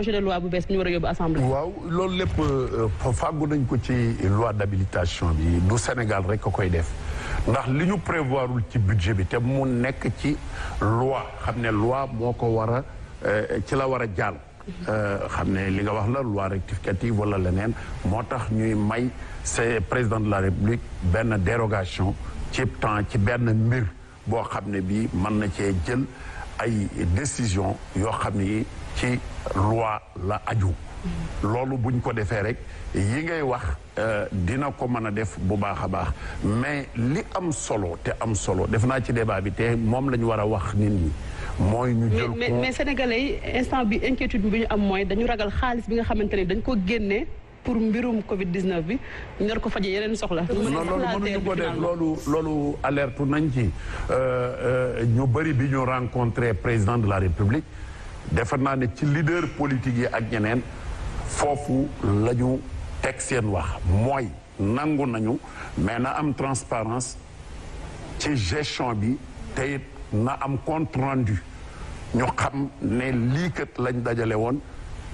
projet de loi bu bees ñu war yóbbu assemblée. waaw loolu lépp euh, fàggu nañ ko ci loi d'habilitation bi du Sénégal rek ko koy def ndax li ñu prévoirul ci budget bi te mu nekk ci loi xam ne loi moo ko war a euh, ci la war a jàll. Euh, xam ne li nga wax la loi rectificative wala leneen moo tax ñuy may c'est président de la République benn dérogation ci temps ci benn mbir boo xam ne bii mën na cee jël. ay décision yoo xam ni ci loi la aju loolu buñ ko defee rek yi ngay wax euh, dina ko mën a def bu baax a baax mais li am solo te am solo def naa ci dee débat bi te moom la ñu war a wax nit ñi mooy ñu jël ko mais sénégalais yi instant bi inquiétude bi ñu am mooy dañu ragal xaalis bi nga xamante ne dañ ko génnee pour mbirum Covid 19 bi ñu ko fajee yeneen soxla. non loolu mënuñu ko def loolu loolu alerte nañ ci euh, euh, ñu bëri bi ñu rencontré président de la république defe naa ne ci leader politique yi ak ñeneen foofu la ñu teg seen wax mooy nangu nañu mais na am transparence ci gestion bi te it na am compte rendu ñu xam ne lii lañ dajale woon.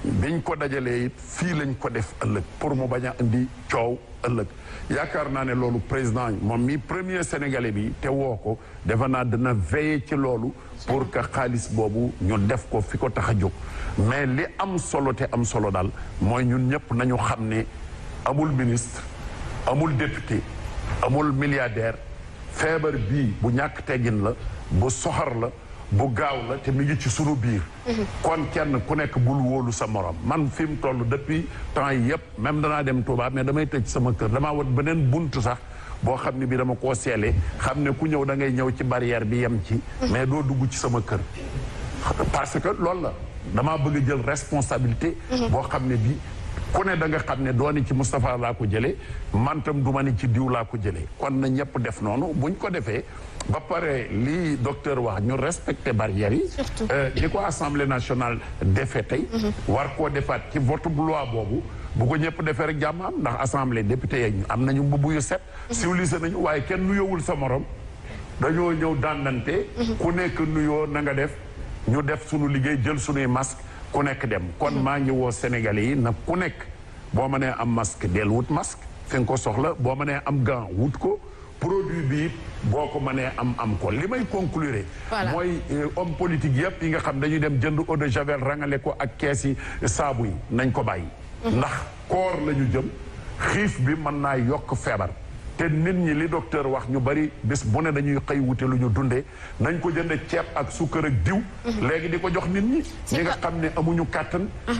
biñ ko dajalee it fii lañ ko def ëllëg pour mu bañ a indi coow ëllëg yaakaar naa ne loolu président moom mi premier sénégalais bi te woo ko defe naa dina veiller ci loolu pour que xaalis boobu ñu def ko fi ko tax a jóg mais li am solo te am solo daal mooy ñun ñëpp nañu xam ne amul ministre amul député amul milliardaire feebar bii bu ñàkk teggin la bu soxar la bu gaaw la te mu ngi ci sunu biir. kon kenn ku nekk bul wóolu sa morom man fi mu toll depuis temps yi yëpp même danaa dem Touba mais damay tëj sama kër damaa wat beneen bunt sax boo xam ne bi dama koo seelee xam ne ku ñëw da ngay ñëw ci barrière bi yem ci. mais doo dugg ci sama kër. parce que loolu la damaa bëgg a jël responsabilité. boo xam ne bi ku ne da nga xam ne dooni ci Moustapha laa ko jëlee mantam du ma ni ci diw laa ko jëlee kon na ñëpp def noonu buñ ko defee ba pare li docteur wax ñu respecté barrières yi euh, li ko assemblée nationale defee tey war koo defaat ci vote bu boobu bu ko ñëpp defee rek jàmm am ndax assemblée député yeeg am nañu mbubb yu set mhm. civilisé nañu waaye kenn nuyoowul sa morom dañoo ñëw dàndante mhm. ku nekk nuyoo na nga def ñu def sunu liggéey jël sunuy masque ku nekk dem kon maa ngi woo Sénégalais yi nag ku nekk boo mënee am masque del wut masque fi nga ko soxla boo mënee am gant wut ko produit bi it boo ko mënee am am ko li may conclure mooy euh, homme politique yëpp yi nga xam dañuy dem jënd eau de javel rangale ko ak kees yi saabu yi nañ ko bàyyi. Mhm. ndax koor lañu jëm xiif bi mën naa yokk feebar te nit ñi li docteur wax ñu bari bis bu ne dañuy xëy wute lu ñu dundee nañ ko jënd ceeb ak sukkar ak diw mhm. léegi di ko jox nit ñi ñi nga xam ne amuñu kàttan mhm.